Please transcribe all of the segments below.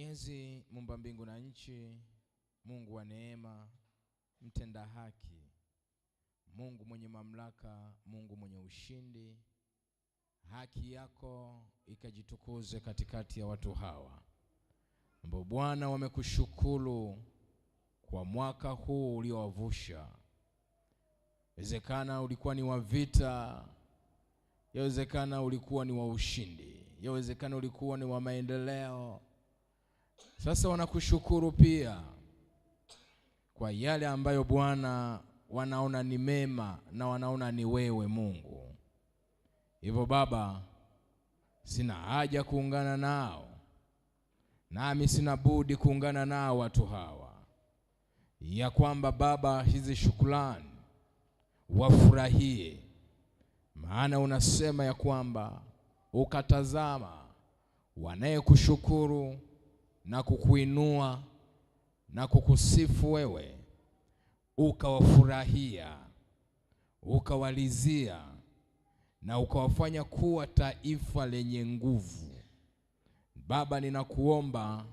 Mwenyezi mumba mbingu na nchi, Mungu wa neema, mtenda haki, Mungu mwenye mamlaka, Mungu mwenye ushindi, haki yako ikajitukuze katikati ya watu hawa ambao Bwana wamekushukuru kwa mwaka huu uliowavusha. Yawezekana ulikuwa ni wa vita, yawezekana ulikuwa ni wa ushindi, yawezekana ulikuwa ni wa maendeleo sasa wanakushukuru pia kwa yale ambayo Bwana wanaona ni mema na wanaona ni wewe Mungu. Hivyo Baba, sina haja kuungana nao, nami sina budi kuungana nao watu hawa, ya kwamba Baba, hizi shukrani wafurahie, maana unasema ya kwamba ukatazama wanayekushukuru na kukuinua na kukusifu wewe, ukawafurahia, ukawalizia na ukawafanya kuwa taifa lenye nguvu. Baba, ninakuomba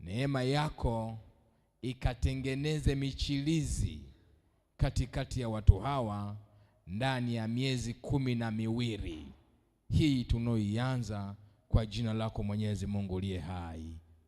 neema yako ikatengeneze michilizi katikati ya watu hawa ndani ya miezi kumi na miwili hii tunaoianza, kwa jina lako Mwenyezi Mungu uliye hai.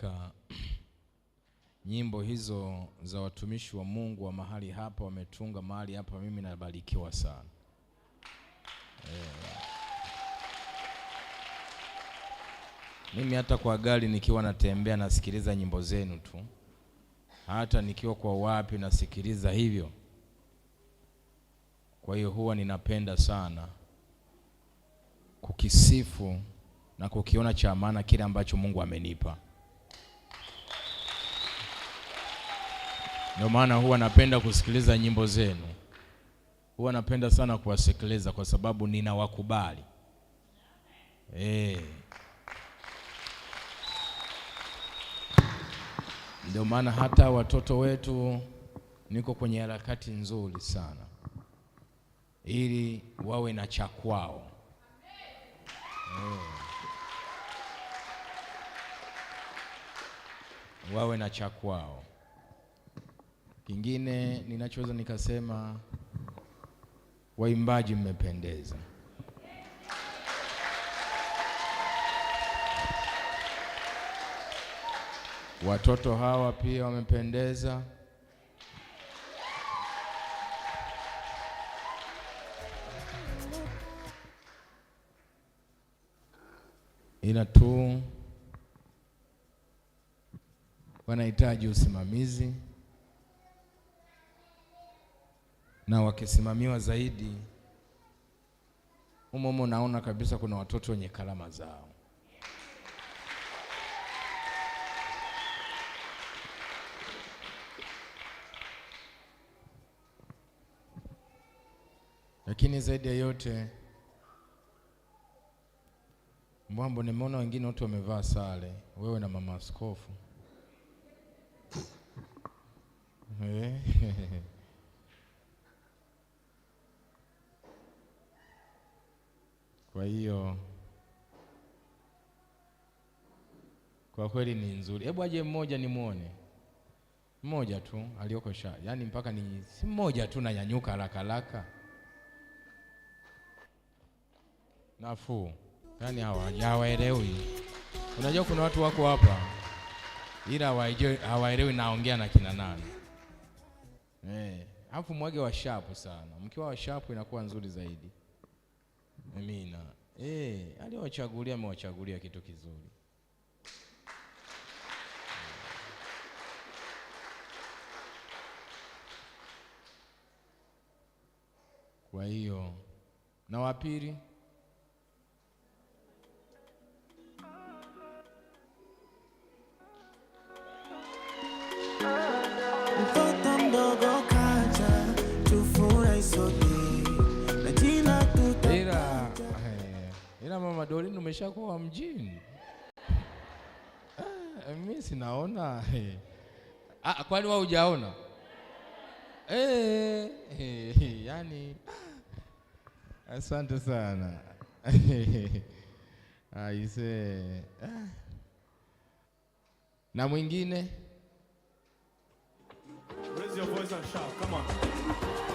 kuweka nyimbo hizo za watumishi wa Mungu wa mahali hapa wametunga mahali hapa, mimi nabarikiwa sana yeah. Mimi hata kwa gari nikiwa natembea nasikiliza nyimbo zenu tu, hata nikiwa kwa wapi nasikiliza hivyo. Kwa hiyo huwa ninapenda sana kukisifu na kukiona cha maana kile ambacho Mungu amenipa. Ndio maana huwa napenda kusikiliza nyimbo zenu, huwa napenda sana kuwasikiliza kwa sababu ninawakubali eh. Ndio maana hata watoto wetu niko kwenye harakati nzuri sana ili wawe na cha kwao eh, wawe na cha kwao Kingine ninachoweza nikasema, waimbaji mmependeza. Watoto hawa pia wamependeza. Ila tu wanahitaji usimamizi. na wakisimamiwa zaidi humo humo, naona kabisa kuna watoto wenye karama zao. Lakini zaidi ya yote, Mbwambo, nimeona wengine watu wamevaa sare, wewe na mama askofu eh. Kwa hiyo kwa kweli ni nzuri. Hebu aje mmoja nimwone, mmoja tu aliokosha, yani yaani mpaka ni si mmoja tu, nanyanyuka haraka haraka, nafuu. Yaani hawaelewi. Unajua kuna watu wako hapa ila hawaelewi naongea na kina nani. Eh, Afu mwage washapu sana, mkiwa washapu inakuwa nzuri zaidi. Amina. Eh, aliyowachagulia amewachagulia kitu kizuri. Kwa hiyo na wa pili ah. tena mama Dorine, umeshakuwa mjini. Ah, mimi sinaona ah, kwani wewe hujaona? Eh, eh, yani ah, asante sana aise. Ah, ah. na mwingine Raise your voice and shout. Come on.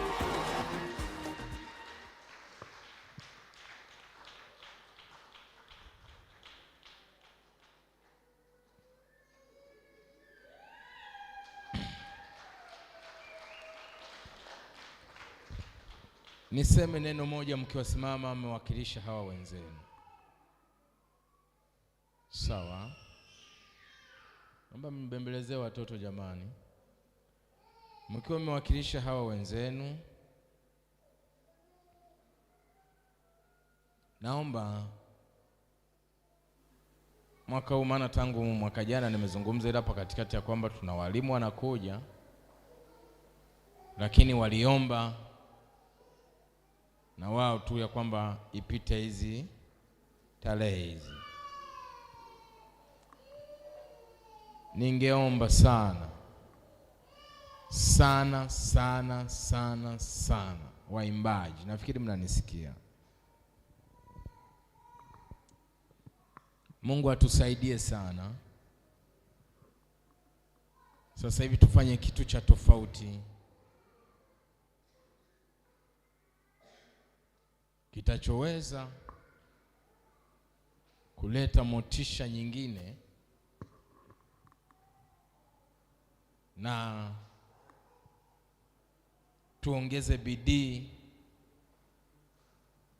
Niseme neno moja mkiwasimama, amewakilisha hawa wenzenu, sawa? Naomba mbembelezee watoto jamani, mkiwa mmewakilisha hawa wenzenu, naomba mwaka huu, maana tangu mwaka jana nimezungumza ila hapa katikati ya kwamba tuna walimu wanakuja, lakini waliomba na wao tu ya kwamba ipite hizi tarehe hizi. Ningeomba sana sana sana sana sana, waimbaji, nafikiri mnanisikia. Mungu atusaidie sana. Sasa hivi tufanye kitu cha tofauti. kitachoweza kuleta motisha nyingine na tuongeze bidii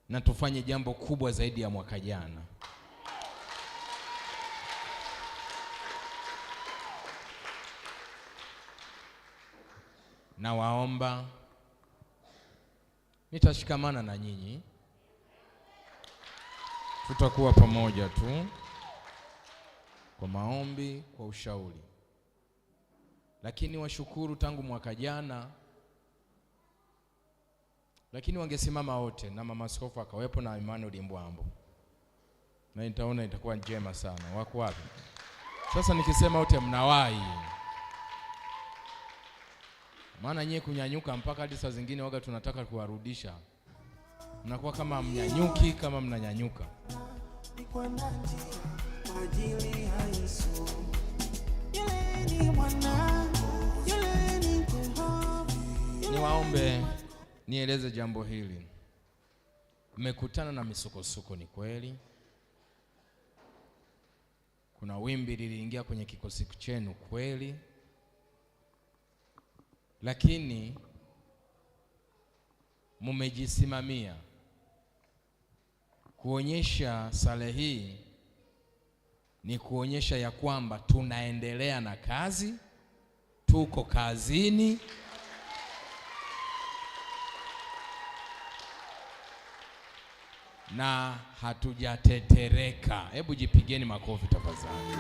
na tufanye jambo kubwa zaidi ya mwaka jana. Nawaomba, nitashikamana na nyinyi tutakuwa pamoja tu kwa maombi, kwa ushauri. Lakini washukuru tangu mwaka jana, lakini wangesimama wote na mama askofu akawepo na Emmanuel Mbwambo, na nitaona itakuwa njema sana. Wako wapi sasa? Nikisema wote mnawahi, maana nyie kunyanyuka mpaka hadi saa zingine waga tunataka kuwarudisha mnakuwa kama mnyanyuki kama mnanyanyuka. Niwaombe nieleze jambo hili, mmekutana na misukosuko, ni kweli. Kuna wimbi liliingia kwenye kikosi chenu, kweli, lakini mumejisimamia Kuonyesha sala hii ni kuonyesha ya kwamba tunaendelea na kazi, tuko kazini. na hatujatetereka. Hebu jipigeni makofi tafadhali.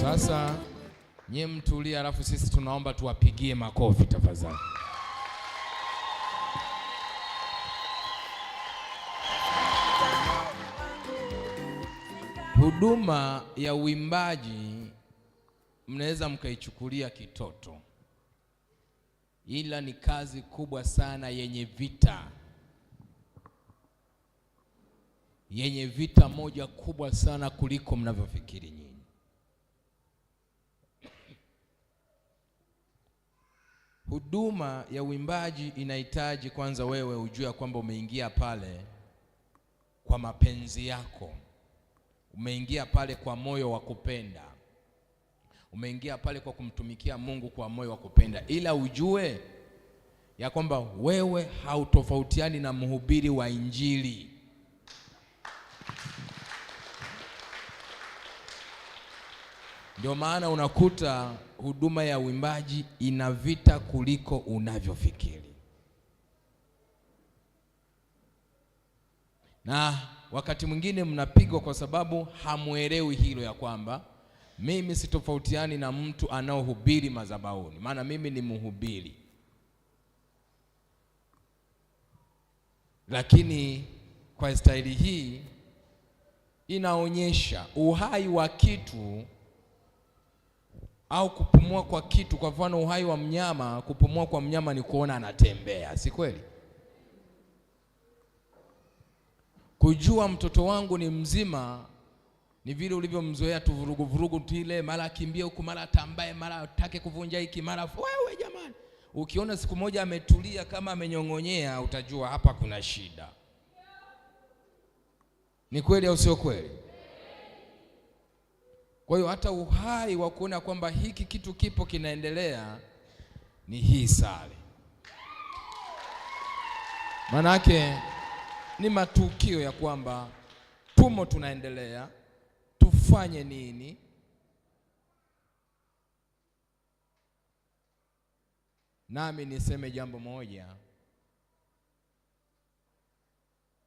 Sasa nyie mtulie, alafu sisi tunaomba tuwapigie makofi tafadhali. Huduma ya uimbaji mnaweza mkaichukulia kitoto, ila ni kazi kubwa sana yenye vita, yenye vita moja kubwa sana kuliko mnavyofikiri nyinyi. Huduma ya uimbaji inahitaji kwanza wewe ujue kwamba umeingia pale kwa mapenzi yako Umeingia pale kwa moyo wa kupenda, umeingia pale kwa kumtumikia Mungu kwa moyo wa kupenda, ila ujue ya kwamba wewe hautofautiani na mhubiri wa Injili. Ndio maana unakuta huduma ya uimbaji ina vita kuliko unavyofikiri na wakati mwingine mnapigwa kwa sababu hamwelewi hilo ya kwamba mimi sitofautiani na mtu anaohubiri madhabahuni, maana mimi ni mhubiri. Lakini kwa staili hii inaonyesha uhai wa kitu au kupumua kwa kitu. Kwa mfano, uhai wa mnyama, kupumua kwa mnyama ni kuona anatembea, si kweli? kujua mtoto wangu ni mzima ni vile ulivyomzoea tu vurugu vurugu tile, mara akimbie huku, mara atambae, mara atake kuvunja hiki, mara wewe. Jamani, ukiona siku moja ametulia kama amenyong'onyea, utajua hapa kuna shida. Ni kweli au sio kweli? Kwa hiyo hata uhai wa kuona kwamba hiki kitu kipo kinaendelea ni hii sare, manake ni matukio ya kwamba tumo tunaendelea, tufanye nini? Nami niseme jambo moja,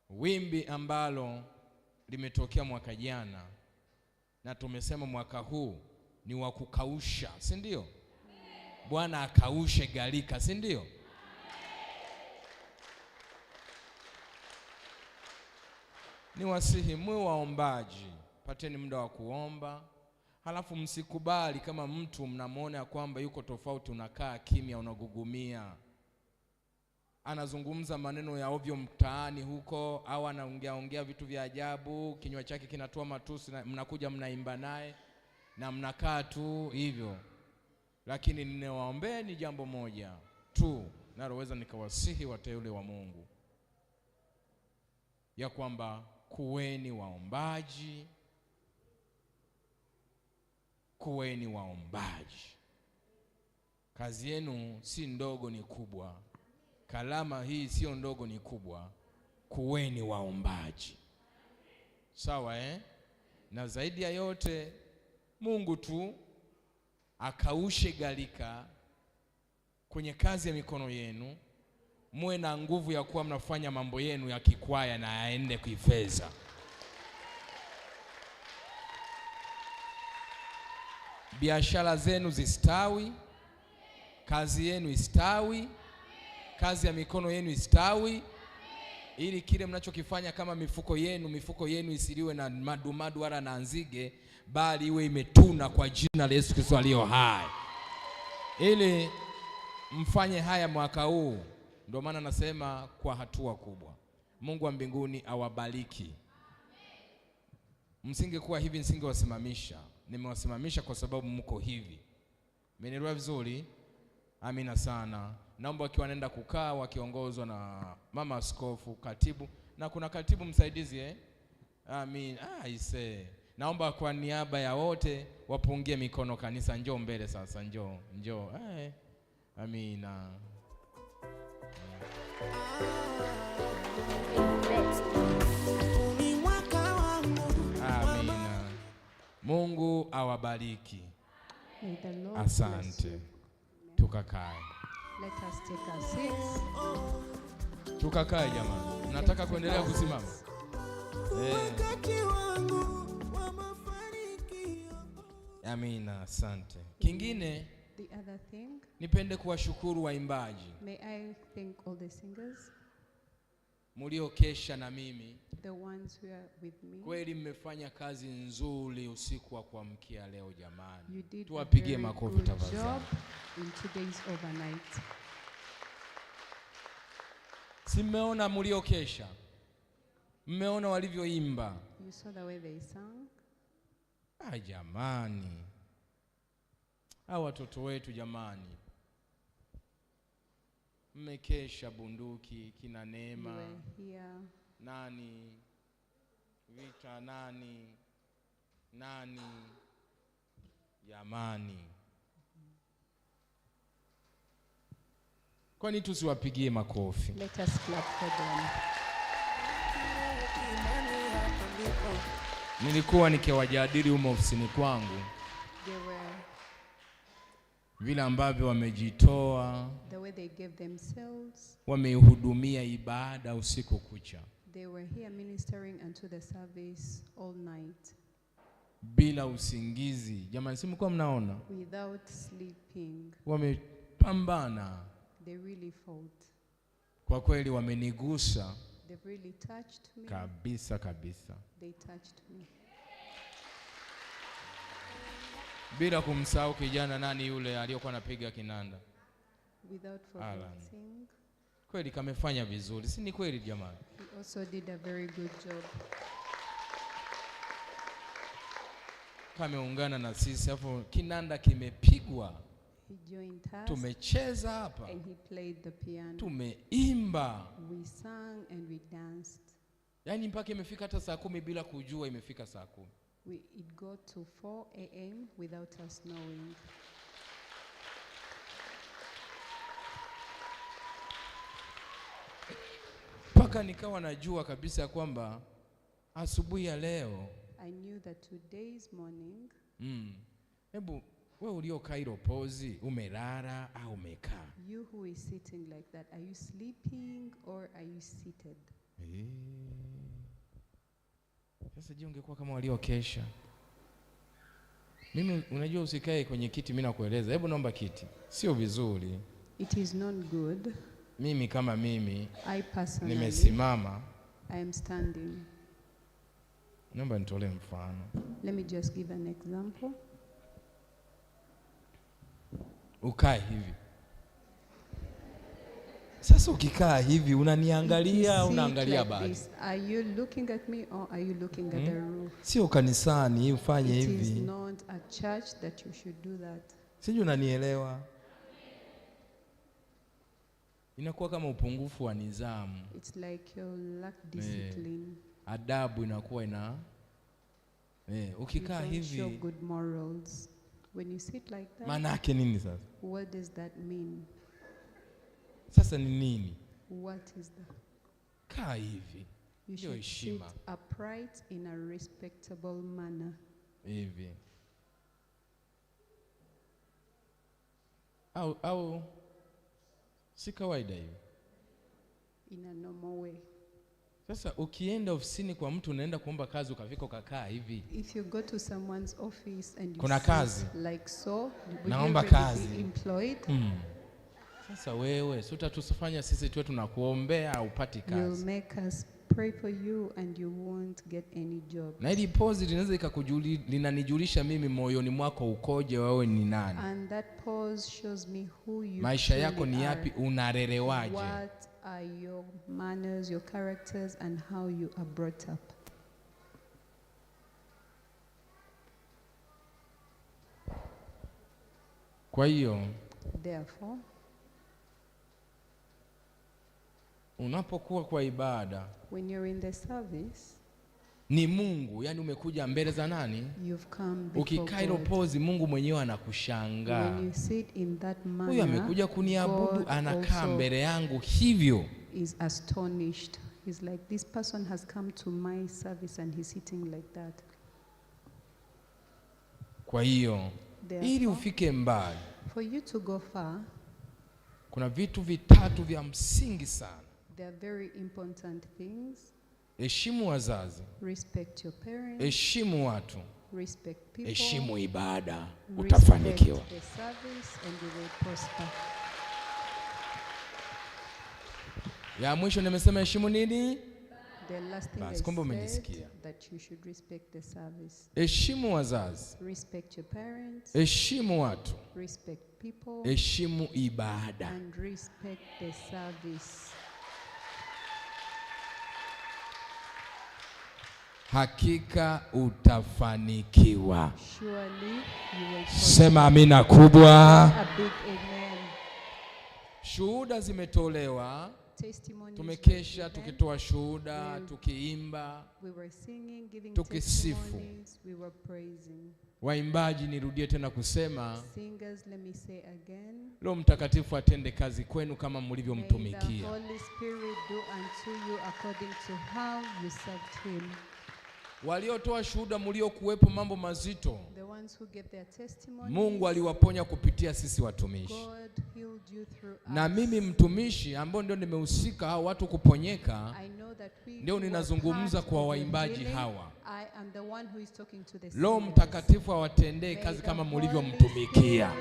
wimbi ambalo limetokea mwaka jana na tumesema mwaka huu ni wa kukausha, si ndio? Bwana akaushe gharika, si ndio? ni wasihi mwe waombaji, pateni muda wa kuomba, halafu msikubali kama mtu mnamwona ya kwamba yuko tofauti, unakaa kimya, unagugumia, anazungumza maneno ya ovyo mtaani huko, au anaongea ongea vitu vya ajabu, kinywa chake kinatoa matusi, mnakuja mnaimba naye na mnakaa tu hivyo. Lakini ninawaombeni jambo moja tu naloweza nikawasihi wateule wa Mungu ya kwamba kuweni waombaji, kuweni waombaji. Kazi yenu si ndogo, ni kubwa. Kalama hii sio ndogo, ni kubwa. Kuweni waombaji, sawa eh? Na zaidi ya yote Mungu tu akaushe galika kwenye kazi ya mikono yenu muwe na nguvu ya kuwa mnafanya mambo yenu ya kikwaya na yaende kuifeza. Biashara zenu zistawi, kazi yenu istawi, kazi ya mikono yenu istawi, ili kile mnachokifanya kama mifuko yenu, mifuko yenu isiliwe na madumadu wala na nzige, bali iwe imetuna kwa jina la Yesu Kristo aliyo hai, ili mfanye haya mwaka huu. Ndio maana nasema kwa hatua kubwa. Mungu wa mbinguni awabariki. Msingekuwa hivi, nisingewasimamisha. Nimewasimamisha kwa sababu mko hivi. Mmenielewa vizuri? Amina sana. Naomba wakiwa wanaenda kukaa wakiongozwa na mama askofu, katibu na kuna katibu msaidizi eh? Amin. Ah, ise. Naomba kwa niaba ya wote wapungie mikono kanisa. Njoo mbele sasa, njoo, njoo. Eh, amina. Amina. Mungu awabariki. Asante. Tukakae. Let us take our seats. Tukakae jamani. Nataka kuendelea kusimama. Amina, asante. Kingine, the other thing Nipende kuwashukuru waimbaji muliokesha na mimi, kweli mmefanya kazi nzuri usiku wa kuamkia leo. Jamani, tuwapigie makofi tafadhali. Si mmeona muliokesha, mmeona walivyoimba jamani, a watoto wetu jamani mmekesha bunduki kina Neema nani vita nani nani jamani, kwani tusiwapigie makofi? Let us clap for them. Nilikuwa nikiwajadili humo ofisini kwangu They were vile ambavyo wamejitoa, the way they gave themselves, wameihudumia ibada usiku kucha, they were here ministering unto the service all night, bila usingizi. Jamani, si mlikuwa mnaona? Without sleeping, wamepambana. They really fought. Kwa kweli wamenigusa, they really touched me kabisa kabisa, they touched me. bila kumsahau kijana nani yule aliyokuwa anapiga kinanda kweli, kamefanya vizuri, si ni kweli jamani? He also did a very good job. Kameungana na sisi hapo, kinanda kimepigwa, tumecheza hapa, tumeimba, yaani mpaka imefika hata saa kumi bila kujua imefika saa kumi. We, it got to 4 a.m. without us knowing. Mpaka nikawa najua kabisa kwamba asubuhi ya leo I knew that today's morning. Mm. Hebu we ulio Kairo pozi, umelala au umekaa? You who is sitting like that, are you sleeping or are you seated? Hey. Eh. Sasa je, ungekuwa kama waliokesha? Mimi unajua, usikae kwenye kiti, mimi nakueleza. Hebu naomba kiti, sio vizuri. It is not good. Mimi kama mimi nimesimama, I am standing. Naomba nitolee mfano. Let me just give an example. Ukae hivi sasa ukikaa hivi unaniangalia, unaangalia bali, hmm? sio kanisani ufanye hivi, sijui unanielewa. Inakuwa kama upungufu wa nidhamu. It's like you lack eh. discipline. Eh, adabu inakuwa ina eh, ukikaa hivi, maana yake nini sasa? What does that mean? Sasa ni nini? What is that? Kaa hivi. You should heshima. Sit upright in a respectable manner. Hivi. Au au si kawaida hivi. In a normal way. Sasa ukienda ofisini kwa mtu unaenda kuomba kazi ukafika ukakaa hivi. If you go to someone's office and you Kuna kazi. Like so, naomba kazi. Employed. Mm. Sasa wewe si utatusifanya sisi tuwe tunakuombea upati kazi. You make us pray for you and you won't get any job. Na hili pause linaweza ikakujuli linanijulisha mimi moyoni mwako ukoje, wewe ni nani? And that pause shows me who you maisha yako ni yapi, unarelewaje? What are your manners, your characters and how you are brought up. Kwa hiyo therefore Unapokuwa kwa ibada, when you're in the service, ni Mungu, yani umekuja mbele za nani? Ukikaa ilo pozi, Mungu mwenyewe anakushangaa, huyu amekuja kuniabudu, anakaa mbele yangu hivyo. Is astonished. He's like, this person has come to my service and he's sitting like that. Kwa hiyo ili ufike mbali, for you to go far, kuna vitu vitatu vya msingi sana Heshimu wazazi, heshimu watu, heshimu ibada, utafanikiwa. Ya mwisho nimesema heshimu nini? kumbe umenisikia. Heshimu wazazi, heshimu watu, heshimu ibada and respect the service. hakika utafanikiwa. Sema amina kubwa. Shuhuda zimetolewa, tumekesha tukitoa shuhuda, tukiimba, tukisifu. Waimbaji, nirudie tena kusema, Roho Mtakatifu atende kazi kwenu kama mlivyomtumikia waliotoa shuhuda mliokuwepo mambo mazito, Mungu aliwaponya kupitia sisi watumishi. Na mimi mtumishi ambao ndio nimehusika hao watu kuponyeka, ndio ninazungumza kwa waimbaji hawa. loo Mtakatifu awatendee kazi kama mulivyomtumikia.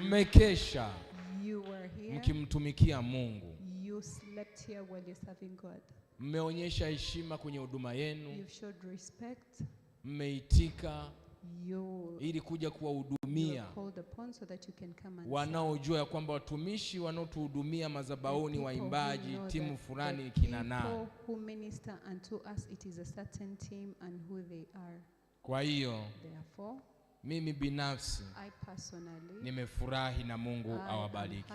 Mmekesha mkimtumikia Mungu slept here while you're serving God. Mmeonyesha heshima kwenye huduma yenu. You've showed respect. Mmeitika ili kuja kuwahudumia so wanaojua ya kwamba watumishi wanaotuhudumia madhabahuni, waimbaji, timu fulani kina nani. Kwa hiyo mimi binafsi nimefurahi na Mungu awabariki.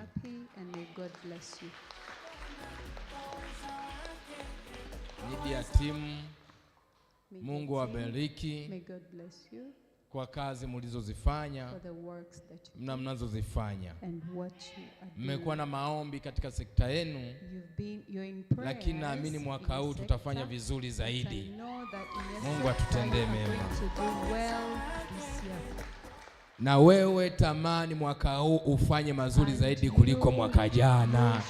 Media team, Mungu awabariki kwa kazi mlizozifanya na mnazozifanya. Mmekuwa na maombi katika sekta yenu, lakini naamini mwaka huu tutafanya vizuri zaidi. Mungu atutendee mema. Na wewe tamani mwaka huu ufanye mazuri zaidi kuliko mwaka jana.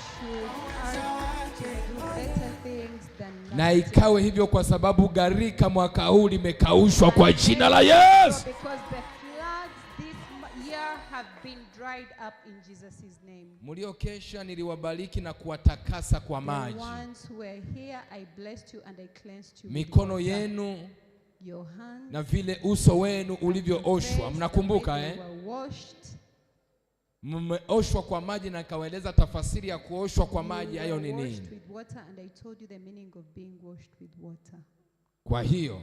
na ikawe hivyo kwa sababu gharika mwaka huu limekaushwa kwa jina la Yesu. Mliokesha niliwabariki na kuwatakasa kwa maji. Mikono yenu na vile uso wenu ulivyooshwa, mnakumbuka eh? mmeoshwa kwa maji na nikawaeleza tafasiri ya kuoshwa kwa maji hayo ni nini. Kwa hiyo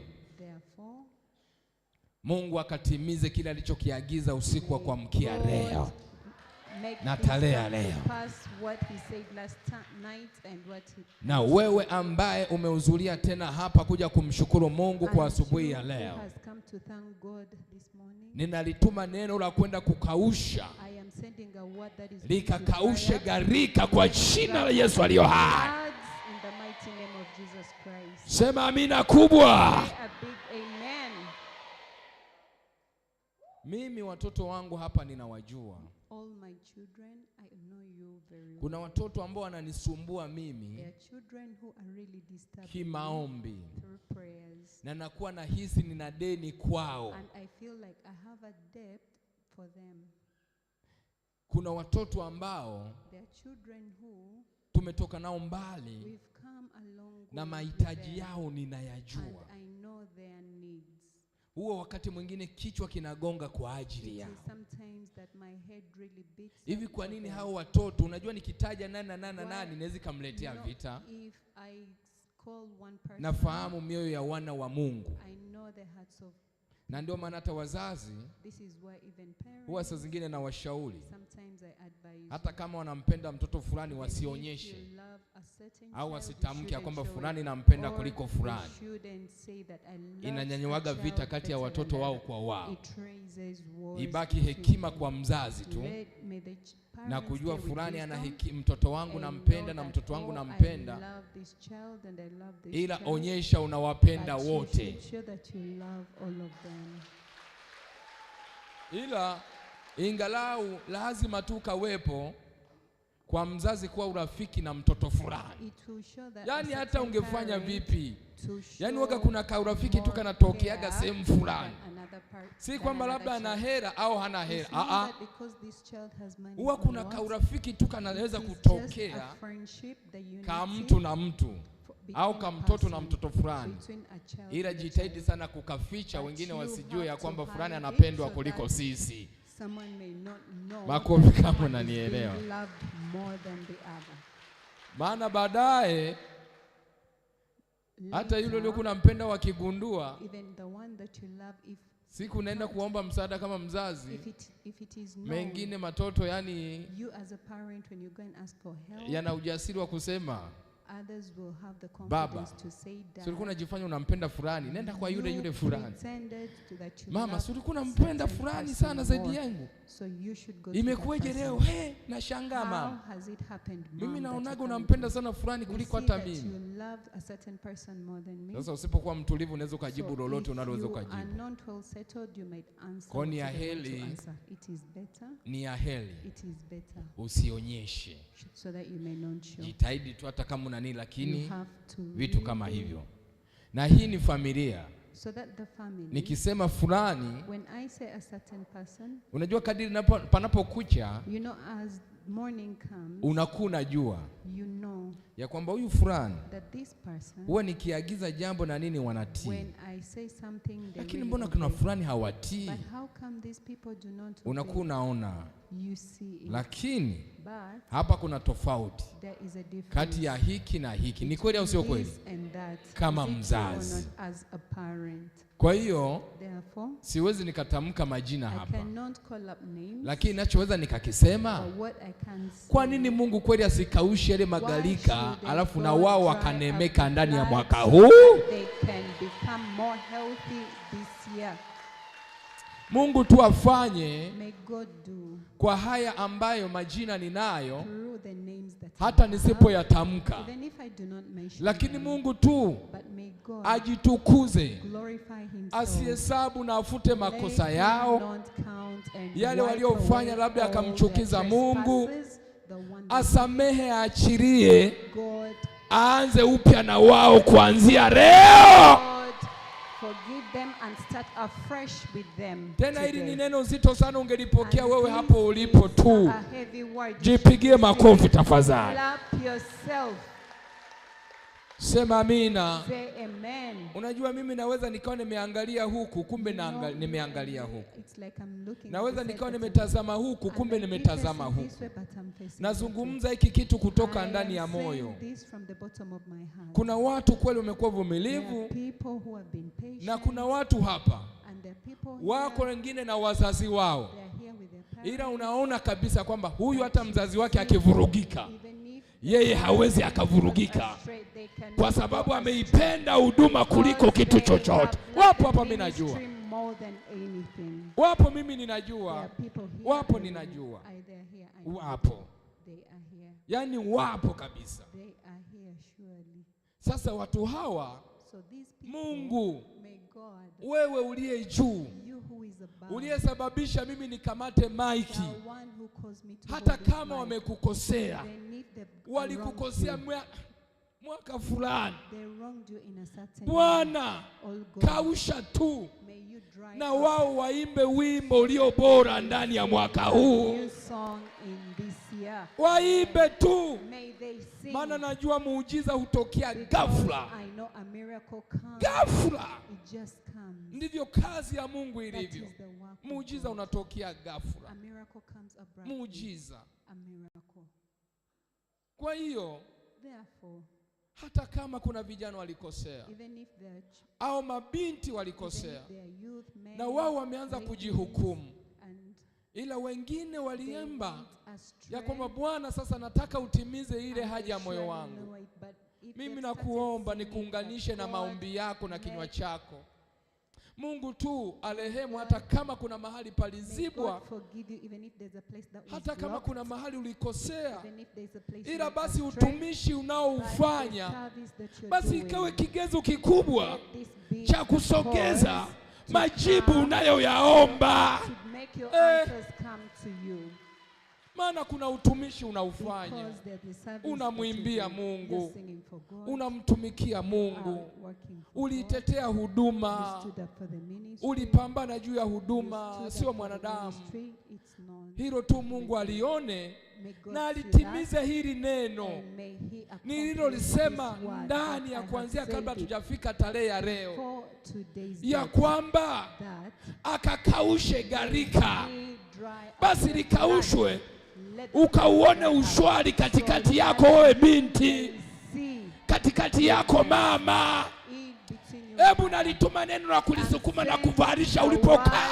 Mungu akatimize kile alichokiagiza usiku wa kuamkia leo na talea leo. Na wewe ambaye umehudhuria tena hapa kuja kumshukuru Mungu kwa asubuhi ya leo, ninalituma neno la kwenda kukausha, likakaushe garika kwa jina la Yesu aliyo haya Sema amina kubwa. Mimi watoto wangu hapa ninawajua All my children, I know you very well. Kuna watoto ambao wananisumbua mimi really kimaombi na nakuwa na nahisi nina deni kwao. And I feel like I have a debt for them. Kuna watoto ambao who, tumetoka nao mbali na mahitaji yao ninayajua. And I know their needs huo wakati mwingine kichwa kinagonga kwa ajili ya Hivi kwa nini hao watoto, unajua nikitaja nani na nani na nani naweza ikamletea vita. Nafahamu mioyo ya wana wa Mungu na ndio maana hata wazazi huwa saa zingine na washauri, hata kama wanampenda mtoto fulani wasionyeshe au wasitamke ya kwamba fulani nampenda kuliko fulani. Inanyanyuaga vita kati ya watoto wao kwa wao. Ibaki hekima kwa mzazi tu na kujua fulani ana mtoto wangu nampenda na mtoto wangu oh, nampenda, ila onyesha unawapenda wote ila ingalau lazima tu kawepo kwa mzazi kuwa urafiki na mtoto fulani, yaani hata ungefanya vipi, yaani waga kuna kaurafiki tu kanatokeaga sehemu fulani, si kwamba labda ana hera au hana hera. huwa kuna kaurafiki tu kanaweza kutokea ka mtu na mtu au kama mtoto na mtoto fulani, ila jitahidi sana kukaficha, wengine wasijue ya kwamba fulani anapendwa kuliko sisi. Makofi kama unanielewa, maana baadaye hata yule uliokuwa unampenda wakigundua, siku naenda kuomba msaada kama mzazi if it, if it is known, mengine matoto yani yana ujasiri wa kusema Baba, ulikuwa unajifanya unampenda fulani, nenda kwa yule yule fulani. Mama, ulikuwa unampenda fulani sana zaidi yangu, so imekuwaje leo? nashangaa mama, mimi naonaga unampenda sana fulani kuliko hata mimi loved a certain person more than me. Sasa usipokuwa mtulivu unaweza ukajibu lolote unaloweza ukajibu. And not well settled you might answer. Kwa ni aheli. It is better. Ni aheli. It is better. Usionyeshe. So that you may not show. Jitahidi tu hata kama una nini lakini vitu kama hivyo. Na hii ni familia. So that the family, nikisema fulani, when I say a certain person, unajua kadiri panapokucha, you know, as comes, unakuwa unajua you know, ya kwamba huyu fulani huwa nikiagiza jambo na nini wanatii, lakini mbona kuna fulani hawatii? Unakuwa unaona, lakini hapa kuna tofauti kati ya hiki na hiki. Ni kweli au sio kweli? Kama mzazi kwa hiyo siwezi nikatamka majina hapa, lakini nachoweza nikakisema, kwa nini Mungu kweli asikaushe yale magalika, alafu na wao wakanemeka ndani ya mwaka huu? Mungu tu afanye kwa haya ambayo majina ninayo hata nisipoyatamka, lakini Mungu tu ajitukuze, asihesabu na afute makosa yao, yale waliofanya labda akamchukiza Mungu, asamehe, aachirie aanze upya na wao kuanzia leo them and start afresh with them. Tena hili ni neno zito sana, ungelipokea wewe hapo ulipo tu. Jipigie makofi tafadhali. Clap yourself. Sema amina. Say amen. Unajua mimi naweza nikawa nimeangalia huku kumbe nimeangalia huku. It's like I'm looking. Naweza nikawa nimetazama huku kumbe nimetazama huku. Nazungumza hiki kitu kutoka ndani ya moyo. Kuna watu kweli wamekuwa vumilivu na kuna watu hapa wako wengine na wazazi wao, ila unaona kabisa kwamba huyu hata mzazi wake akivurugika yeye hawezi akavurugika, kwa sababu ameipenda huduma kuliko kitu chochote. Wapo hapa, mimi najua wapo, mimi ninajua wapo, ninajua wapo, yaani wapo kabisa. Sasa watu hawa, Mungu wewe uliye juu uliyesababisha mimi nikamate maiki, hata kama wamekukosea, walikukosea mwaka fulani, Bwana kausha tu, na wao waimbe wimbo ulio bora ndani ya mwaka huu, waimbe tu, maana najua muujiza hutokea ghafla ghafla. Ndivyo kazi ya Mungu ilivyo. Muujiza unatokea ghafla, muujiza. Kwa hiyo hata kama kuna vijana walikosea au mabinti walikosea na wao wameanza kujihukumu, ila wengine waliemba ya kwamba Bwana, sasa nataka utimize ile haja ya moyo wangu. Mimi nakuomba nikuunganishe na maombi yako na kinywa chako. Mungu tu arehemu, hata kama kuna mahali palizibwa, hata kama kuna mahali ulikosea, ila basi utumishi unaoufanya basi ikawe kigezo kikubwa cha kusogeza majibu unayoyaomba maana kuna utumishi unaufanya, unamwimbia Mungu, unamtumikia Mungu, uliitetea huduma, ulipambana juu ya huduma, sio mwanadamu. Hilo tu Mungu alione na alitimize hili neno nililolisema ndani ya kuanzia kabla tujafika tarehe ya leo, ya kwamba akakaushe garika basi likaushwe ukauone ushwari katikati yako wewe binti, katikati yako mama. Hebu nalituma neno la kulisukuma na kuvalisha ulipokaa.